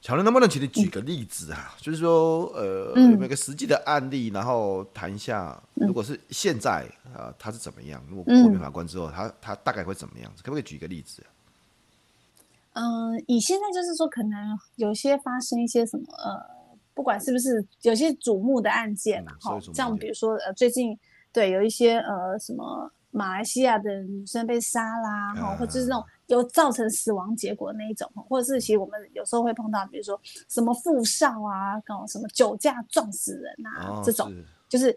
巧羚，能不能請你舉個例子啊？嗯、就是說呃，嗯、有沒有一個實際的案例，然後談一下，如果是現在啊，他、呃、是怎麼樣？如果國民法官之後，他他大概會怎麼樣子？可不可以舉一個例子、啊？嗯，以現在就是說，可能有些發生一些什麼，呃，不管是不是有些矚目的案件哈，嗯啊、像比如說呃，最近對有一些呃什麼馬來西亞的女生被殺啦，哈、嗯，或者是那種有造成死亡結果那一種，或者是其實我們有時候會碰到，比如說什麼富少啊，搞什麼酒駕撞死人啊、哦、這種，就是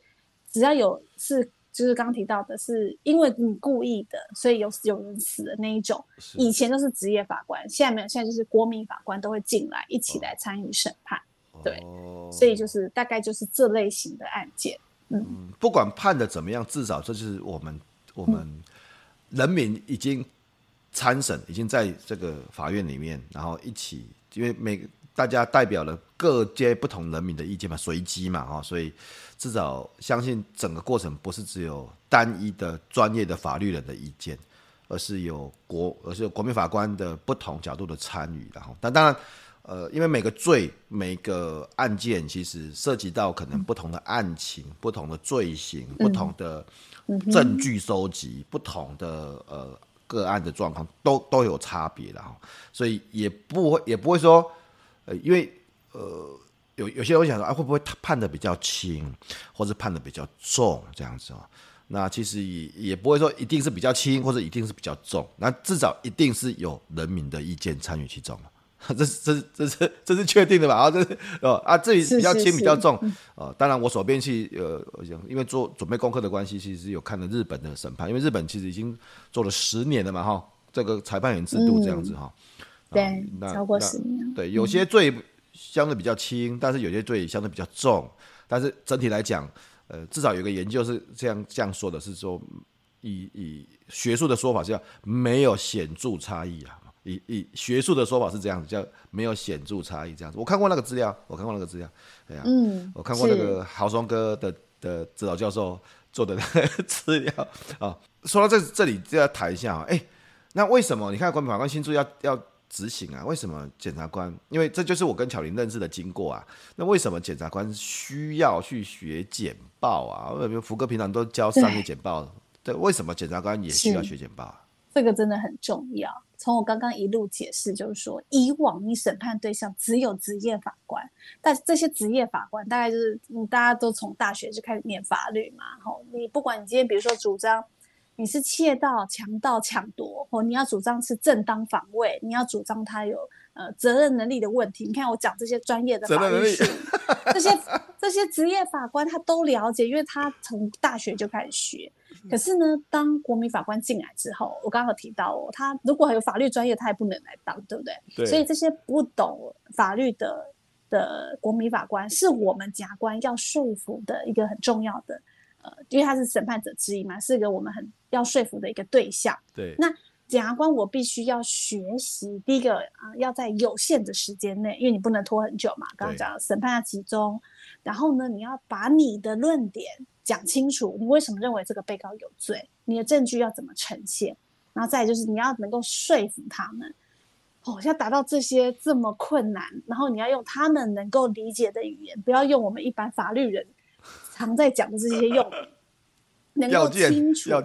只要有是。就是剛提到的，是因為你故意的，所以有有人死的那一種。以前都是職業法官，現在沒有，現在就是國民法官都會進來一起來參與審判。哦、對，所以就是大概就是這類型的案件。哦、嗯，不管判的怎麼樣，至少這就是我們我們人民已經參審，已經在這個法院裡面，然後一起，因為每個。大家代表了各界不同人民的意見嘛，隨機嘛，哈，所以至少相信整個過程，不是只有單一的專業的法律人的意見，而是有國，而是有國民法官的不同角度的參與，然後，但當然，呃，因為每個罪、每個案件其實涉及到可能不同的案情、不同的罪行、不同的證據收集、不同的呃個案的狀況，都都有差別，然後，所以也不會也不會說。因為呃，有有些人我想說啊，會不會判的比較輕，或者判的比較重這樣子啊、哦？那其實也也不會說一定是比較輕，或者一定是比較重。那至少一定是有人民的意見參與其中。這這這是，這是，這是，這是確定的吧？啊，這哦，啊，這裡比較輕，是是是比較重呃，當然，我手邊去呃，因為做準備功課的關係，其實是有看了日本的審判，因為日本其實已經做了十年了嘛，哈，這個裁判員制度這樣子哈。嗯。對，哦、超過十年。對，有些罪相對比較輕，嗯、但是有些罪相對，相對比較重。但是整體來講，呃，至少有個研究是這樣這樣說的，是說以以學術的說法叫沒有顯著差異啊。以以學術的說法是這樣子叫沒有顯著差異這樣子。我看過那個資料，我看過那個資料。對呀、啊，嗯，我看過那個豪松哥的是的，的指導教授做的那個資料啊、哦。說到這這裡就要談一下啊，誒，那為什麼你看國民法官新制要要要執行啊？為什麼檢察官？因為這就是我跟巧羚認識的經過啊。那為什麼檢察官需要去學簡報啊？我們福哥平常都教商業簡報，對，對，為什麼檢察官也需要學簡報？這個真的很重要。從我剛剛一路解釋，就是說，以往你審判對象只有職業法官，但這些職業法官大概就是你大家都從大學就開始念法律嘛。吼，你不管你今天比如說主張。你是竊盜、強盜、搶奪、哦，或你要主張是正當防衛，你要主張他有呃責任能力的問題。你看我講這些專業的法律任 這，這些這些職業法官他都了解，因為他從大學就開始學。可是呢，當國民法官進來之後，我剛剛有提到、哦，他如果還有法律專業，他也不能來當，對不對？對，所以這些不懂法律的的國民法官，是我們甲官要說服的一個很重要的。呃，因為他是審判者之一嘛，是一個我們很要說服的一個對象。對，那檢察官，我必須要學習第一個啊、呃，要在有限的時間內，因為你不能拖很久嘛。剛剛講審判要集中，對然後呢，你要把你的論點講清楚，你為什麼認為這個被告有罪，你的證據要怎麼呈現，然後再就是你要能夠說服他們。哦，要達到這些這麼困難，然後你要用他們能夠理解的語言，不要用我們一般法律人，常在講的這些用，能夠清楚表、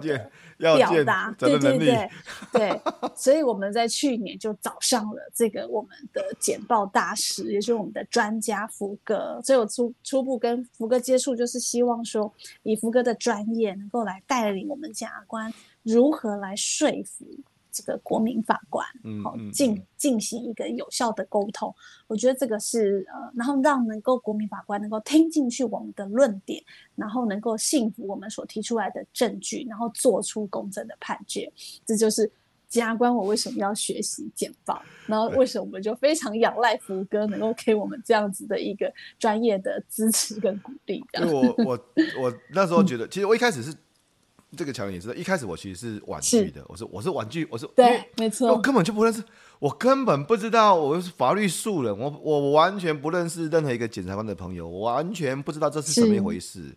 表達、要要對對對對， 所以我們在去年就找上了這個我們的簡報大師，也就是我們的專家福哥。所以我初初步跟福哥接觸，就是希望說以福哥的專業能夠來帶領我們檢察官如何來說服。這個國民法官，嗯，好，進進行一個有效的溝通，我覺得這個是呃，然後讓能夠國民法官能夠聽進去我們的論點，然後能夠信服我們所提出來的證據，然後做出公正的判決，這就是檢察官我為什麼要學習簡報？然後為什麼我們就非常仰賴福哥能夠給我們這樣子的一個專業的支持跟鼓勵。我我我那時候覺得，其實我一開始是。這個巧羚也知道，一開始我其實是婉拒的，是我是我是婉拒，我是對，為沒錯，我根本就不認識，我根本不知道我是法律素人，我我完全不認識任何一個檢察官的朋友，我完全不知道這是怎麼一回事，是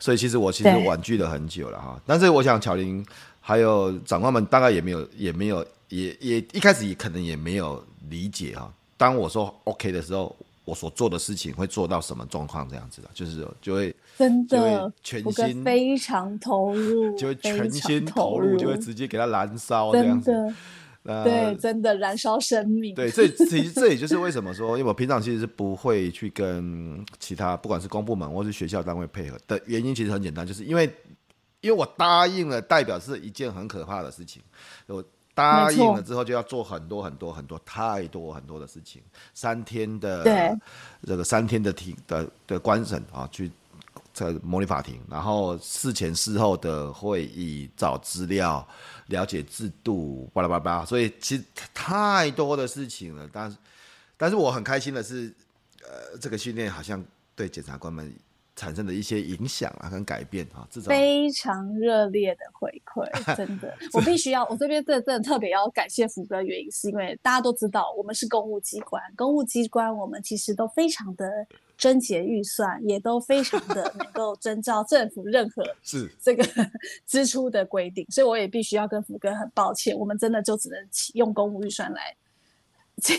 所以其實我其實婉拒了很久了哈。對但是我想巧羚還有長官們大概也沒有，也沒有，也也一開始也可能也沒有理解哈、啊。當我說 OK 的時候，我所做的事情會做到什麼狀況這樣子的，就是就會。真的，全心我非常投入，就會全心投入，投入就會直接給他燃燒的這樣子。對，呃、真的燃燒生命。對，這其實這也就是為什麼說， 因為我平常其實是不會去跟其他不管是公部門或是學校單位配合的原因，其實很簡單，就是因為因為我答應了，代表是一件很可怕的事情。我答應了之後，就要做很多很多很多太多很多的事情。三天的對這個三天的庭的的官審啊，去。呃，模擬法庭，然後事前事後的會議，找資料，了解制度，巴拉巴拉，所以其實太多的事情了。但是，但是我很開心的是，呃，這個訓練好像對檢察官們。產生的一些影響啊，跟改變啊，這種非常熱烈的回饋， 真的，我必須要，我這邊真的真的特別要感謝福哥的原因是因為大家都知道，我們是公務機關，公務機關我們其實都非常的撙節預算，也都非常的能夠遵照政府任何是這個支出的規定， 是所以我也必須要跟福哥很抱歉，我們真的就只能用公務預算來。請，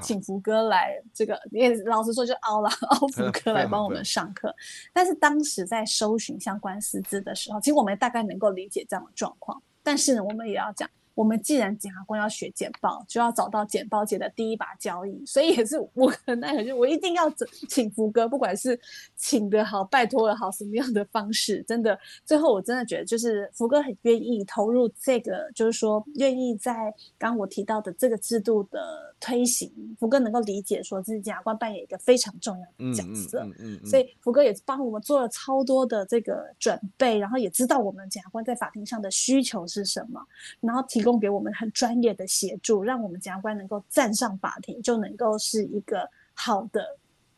請福哥來這個，也老實說就凹了，凹福哥來幫我們上課。嗯、但是當時在搜尋相關師資的時候，對其實我們大概能夠理解這樣的狀況。但是呢，我們也要講。我們既然檢察官要學簡報，就要找到簡報界的第一把交椅，所以也是無可奈何，就我一定要請福哥，不管是請的好、拜托的好，什麼樣的方式，真的，最後我真的覺得，就是福哥很願意投入這個，就是說願意在剛剛我提到的這個制度的。推行，福哥能夠理解說自己檢察官扮演一個非常重要的角色，嗯嗯嗯、所以福哥也幫我們做了超多的這個準備，然後也知道我們檢察官在法庭上的需求是什麼，然後提供給我們很專業的協助，讓我們檢察官能夠站上法庭就能夠是一個好的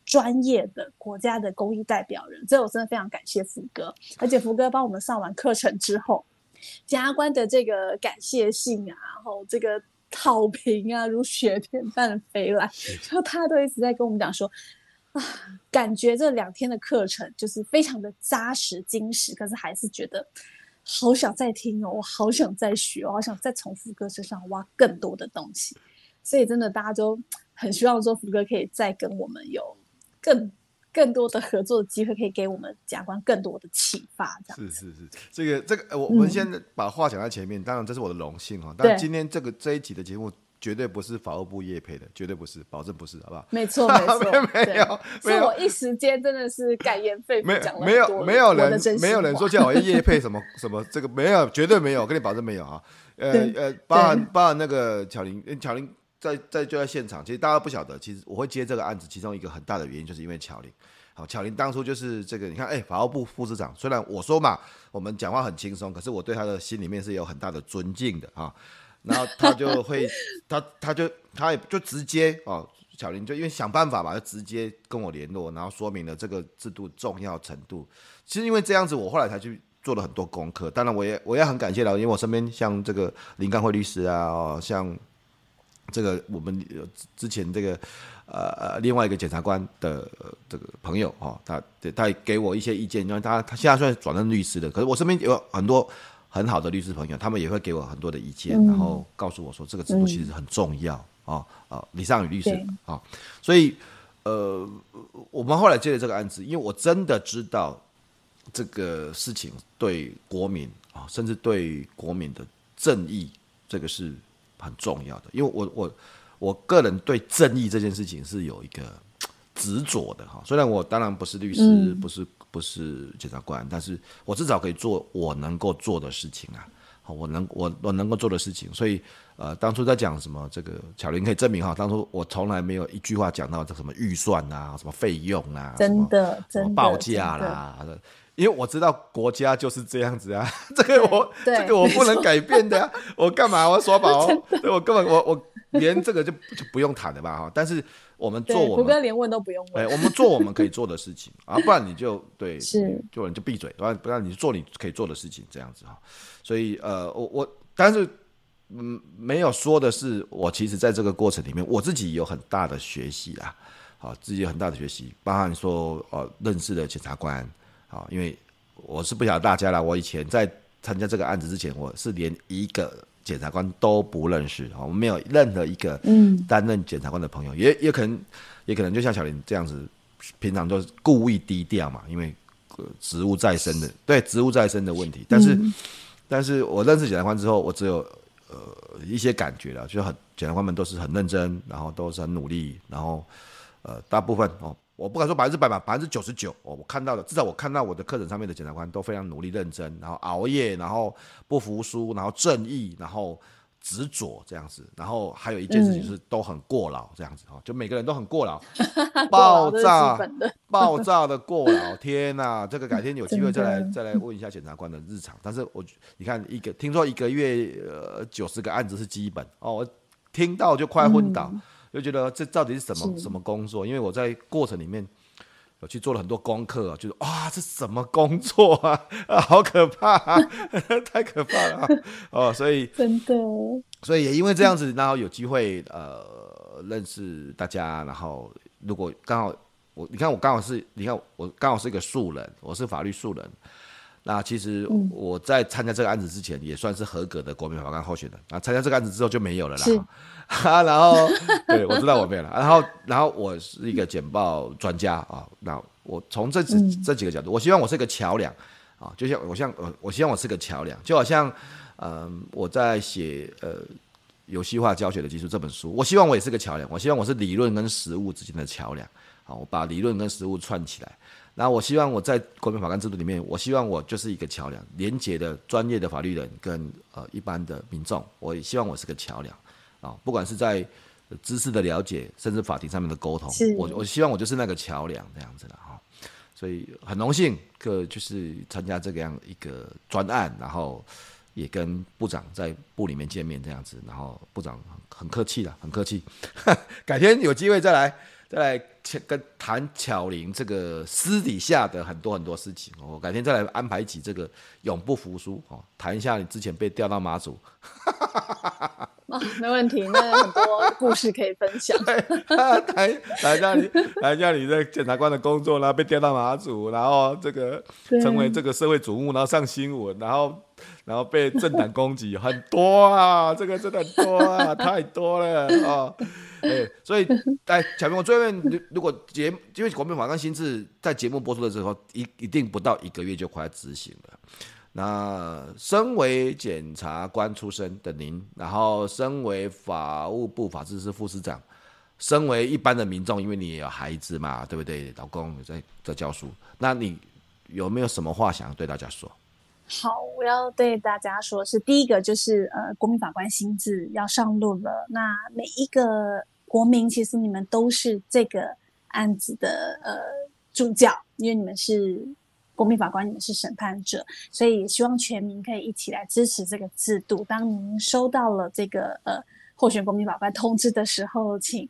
專業的國家的公益代表人。所以，我真的非常感謝福哥，而且福哥幫我們上完課程之後，檢察官的這個感謝信啊，然後這個。好評啊，如雪片般飛來。然後他都一直在跟我們講說，啊，感覺這兩天的課程就是非常的扎實堅實，可是還是覺得好想再聽哦，我好想再學哦，我好想再從福哥身上挖更多的東西。所以真的，大家都很希望說，福哥可以再跟我們有更。更多的合作的機會可以給我們講官更多的啟發，這樣是是是，這個這個，我我們先把話講在前面，當然這是我的榮幸哈。但今天這個這一集的節目絕對不是法務部業配的，絕對不是，保證不是，好不好？沒錯沒錯，沒有，是我一時間真的是感言肺腑，沒有沒有人沒有人說叫我業業配什麼什麼，這個沒有，絕對沒有，跟你保證沒有啊。對對對。呃呃，把把那個巧羚，巧羚。在在就在現場，其實大家不曉得，其實我會接這個案子，其中一個很大的原因就是因為巧羚。好、哦，巧羚當初就是這個，你看，哎、欸，法務部副司長，雖然我說嘛，我們講話很輕鬆，可是我對他的心裡面是有很大的尊敬的哈、哦，然後他就會， 他他就他也就直接哦，巧羚就因為想辦法嘛，就直接跟我聯絡，然後說明了這個制度重要程度。其實因為這樣子，我後來才去做了很多功課。當然，我也我也很感謝了，因為我身邊像這個林干輝律師啊，哦、像。這個我們之前這個呃呃另外一個檢察官的、呃、這個朋友哦，他對他也給我一些意見，因為他他現在算轉任律師的，可是我身邊有很多很好的律師朋友，他們也會給我很多的意見，嗯、然後告訴我說這個制度其實很重要啊啊，李尚宇律師啊對、哦，所以呃我們後來接了這個案子，因為我真的知道這個事情對國民啊、哦，甚至對國民的正義，這個是。很重要的，因為我我我個人對正義這件事情是有一個執着的哈。雖然我當然不是律師，嗯、不是不是檢察官，但是我至少可以做我能夠做的事情啊。好，我能我我能夠做的事情，所以呃，當初在講什麼這個巧羚可以證明哈，當初我從來沒有一句話講到這什麼預算啊，什麼費用啊，真的什麼真的什麼報價啦。因為我知道國家就是這樣子啊，這個我這個我不能改變的，啊、你說 我幹嘛 我要耍寶，哦真的？我根本我我連這個就就不用談了吧哈。但是我們做我們，福哥連問都不用問。哎，我們做我們可以做的事情 啊，不然你就對，是，不就閉嘴，不然不然你就做你可以做的事情，這樣子哈。所以呃，我我但是嗯，沒有說的是，我其實在這個過程裡面，我自己有很大的學習啊，好、啊，自己有很大的學習，包含說呃、啊，認識的檢察官。啊，因為我是不曉得大家了。我以前在參加這個案子之前，我是連一個檢察官都不認識。好，我們沒有任何一個嗯擔任檢察官的朋友，嗯、也也可能，也可能就像小林這樣子，平常都是故意低調嘛。因為、呃、職務在身的，是對職務在身的問題。嗯、但是，但是我認識檢察官之後，我只有呃一些感覺了，就很檢察官們都是很認真，然後都是很努力，然後呃大部分哦。我不敢說百分之百吧，百分之九十九。我看到的，至少我看到我的課程上面的檢察官都非常努力、認真，然後熬夜，然後不服輸，然後正義，然後執着這樣子。然後還有一件事情是，都很過勞、嗯、這樣子哈，就每個人都很過勞，爆炸， 就是、爆炸的過勞。天吶，這個改天有機會再來的再來問一下檢察官的日常。但是我你看一個聽說一個月呃九十個案子是基本哦，我聽到就快昏倒。嗯就覺得這到底是什麼是什麼工作？因為我在過程裡面，我去做了很多功課、啊，就是啊，這什麼工作啊？好可怕、啊， 太可怕了、啊！哦，所以真的、哦，所以也因為這樣子，然後有機會呃認識大家。然後如果剛好我，你看我剛好是，你看我剛好是一個素人，我是法律素人。那其實我在參加這個案子之前也算是合格的國民法官候選人、嗯、啊，參加這個案子之後就沒有了啦。哈是、啊，然後 對，我知道我沒有了。然後，然後我是一個簡報專家、嗯、啊。那我從這這幾個角度，我希望我是一個橋樑啊。就像我像我希望我是個橋樑，就好像嗯、呃，我在寫呃遊戲化教學的技術這本書，我希望我也是個橋樑。我希望我是理論跟實務之間的橋樑、啊、我把理論跟實務串起來。那我希望我在國民法官制度裡面，我希望我就是一個橋樑，連接的專業的法律人跟呃一般的民眾。我也希望我是個橋樑啊，不管是在知識的了解，甚至法庭上面的溝通，是我我希望我就是那個橋樑這樣子的哈、哦。所以很榮幸，個就是參加這個樣一個專案，然後也跟部長在部裡面見面這樣子，然後部長很客氣的，很客氣，客氣 改天有機會再來。再來跟鄧巧羚這個私底下的很多很多事情，我改天再來安排起這個永不福輸，哈，談一下你之前被調到馬祖，哈、啊，沒問題，那有很多故事可以分享， 對，來、啊，來你，來講你的檢察官的工作啦，然後被調到馬祖，然後這個成為這個社會矚目，然後上新聞，然後。然後被政黨攻擊很多啊， 這個真的很多啊， 太多了啊！哎、哦欸，所以哎，巧羚，我最後如果節，因為國民法官新制，在節目播出的時候，一一定不到一個月就快要執行了。那身為檢察官出身的您，然後身為法務部法制司副司長，身為一般的民眾，因為你也有孩子嘛，對不對？老公在在教書，那你有沒有什麼話想要對大家說？好，我要對大家說是，是第一個就是呃，國民法官新制要上路了。那每一個國民，其實你們都是這個案子的呃主角，因為你們是國民法官，你們是審判者，所以希望全民可以一起來支持這個制度。當您收到了這個呃候選國民法官通知的時候，請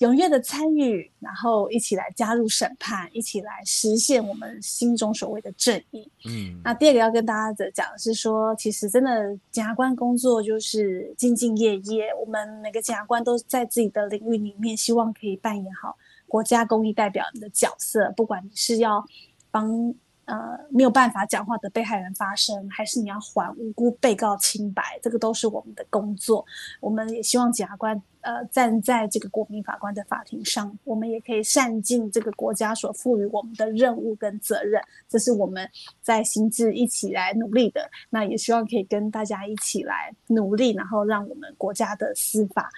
踴躍的參與，然後一起來加入審判，一起來實現我們心中所謂的正義。嗯，那第二個要跟大家講的是說，其實真的檢察官工作就是兢兢業業，我們每個檢察官都在自己的領域裡面，希望可以扮演好國家公益代表你的角色。不管你是要幫呃沒有辦法講話的被害人發聲，還是你要還無辜被告清白，這個都是我們的工作。我們也希望檢察官。呃，站在這個國民法官的法庭上，我們也可以善盡這個國家所賦予我們的任務跟責任。這是我們，在心智一起來努力的。那也希望可以跟大家一起來努力，然後讓我們國家的司法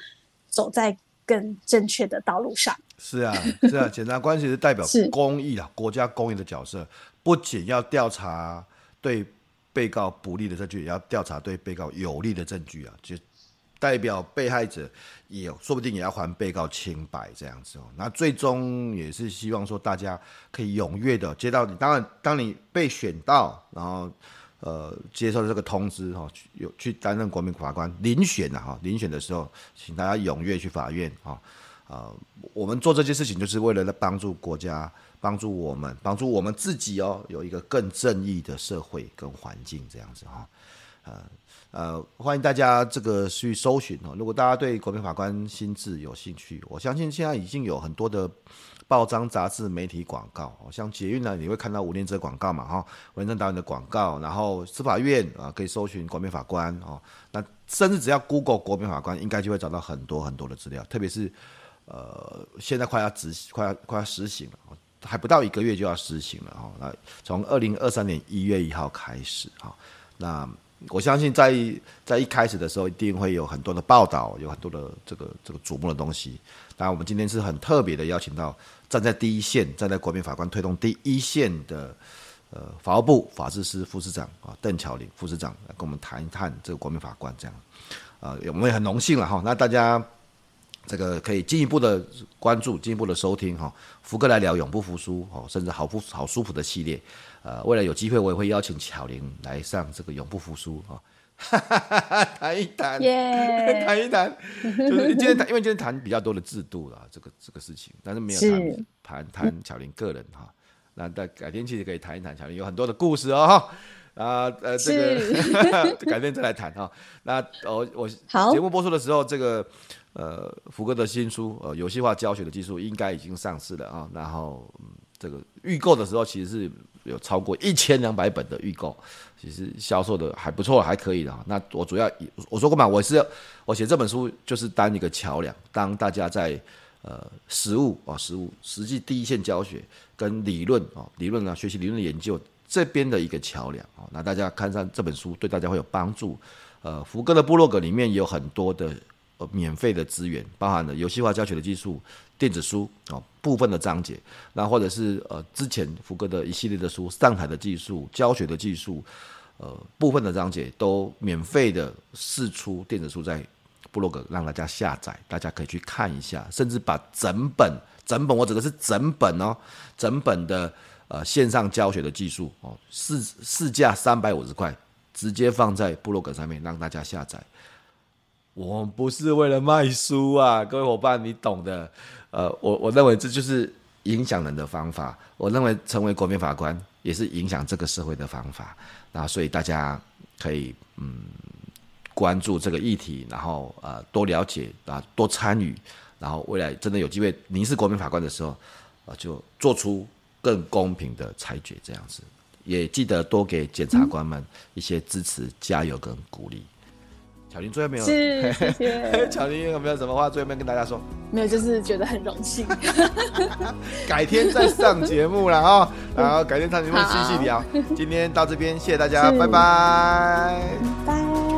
走在更正確的道路上。是啊，是啊，檢察官其實代表是公益啊， 是國家公益的角色，不僅要調查對被告不利的證據，也要調查對被告有利的證據啊，就。代表被害者也，也說不定也要還被告清白這樣子哦。那最終也是希望說大家可以踴躍的接到你。當然，當你被選到，然後呃，接受了這個通知哈、哦，有去擔任國民法官遴選的、啊、哈，遴選的時候，請大家踴躍去法院啊。啊、哦呃，我們做這件事情就是為了幫助國家，幫助我們，幫助我們自己哦，有一個更正義的社會跟環境這樣子哈、哦。啊，呃，歡迎大家這個去搜尋哦。如果大家對國民法官新制有興趣，我相信現在已經有很多的報章、雜誌、媒體廣告哦，像捷運呢，你會看到吳念真廣告嘛，哈，吳念真導演的廣告。然後司法院啊，可以搜尋國民法官哦。那甚至只要 Google 國民法官，應該就會找到很多很多的資料。特別是呃，現在快要執行，快要快要實行了，還不到一個月就要實行了哦。那從二零二三年一月一號開始哈、哦，那。我相信在在一開始的時候，一定會有很多的報道，有很多的這個這個矚目的東西。那我們今天是很特別的邀請到站在第一線，站在國民法官推動第一線的呃法務部法制司副司長啊鄧巧羚副司長來跟我們談一談這個國民法官這樣，呃，我們也很榮幸了哈。那大家這個可以進一步的關注，進一步的收聽哈。福哥來聊永不福輸哦，甚至好不好舒服的系列。呃，未來有機會我也會邀請巧羚來上這個《永不福輸》哦、哈，哈，哈，哈，談一談，Yeah. 談一談，就是今天談 因為今天談比較多的制度了、啊，這個這個事情，但是沒有談談是談巧羚個人哈、哦，那改天其實可以談一談巧羚有很多的故事哦哈，啊、哦、呃，呃這個是 改天再來談哈、哦，那我、哦、我節目播出的時候，這個呃福哥的新書呃遊戲化教學的技術應該已經上市了啊、哦，然後、嗯、這個預購的時候其實是。有超過一千兩百本的預購，其實銷售的還不錯，還可以的、哦。那我主要我說過嘛，我是要我寫這本書就是當一個橋梁，當大家在呃實務啊、哦、實務，實際第一線教學跟理論啊、哦、理論啊學習理論研究這邊的一個橋梁啊、哦。那大家看上這本書對大家會有幫助。呃，福哥的部落格裡面也有很多的。免費的資源，包含了遊戲化教學的技術、電子書哦，部分的章節，那或者是呃之前福哥的一系列的書，上台的技術、教學的技術，呃部分的章節都免費的釋出電子書在部落格讓大家下載，大家可以去看一下，甚至把整本整本，我指的是整本哦，整本的呃線上教學的技術哦，市市價三百五十塊，直接放在部落格上面讓大家下載。我不是為了賣書啊，各位夥伴，你懂的。呃，我我認為這就是影響人的方法。我認為成為國民法官也是影響這個社會的方法。那所以大家可以嗯關注這個議題，然後呃多了解啊，多參與，然後未來真的有機會您是國民法官的時候，啊，呃，就做出更公平的裁決這樣子。也記得多給檢察官們一些支持、嗯、加油跟鼓勵。巧羚，最後沒有，巧羚，有沒有什麼話最後面跟大家說？沒有，就是覺得很榮幸，改天再上節目了啊！然後改天上節目繼續聊，今天到這邊，謝謝大家，拜拜，拜。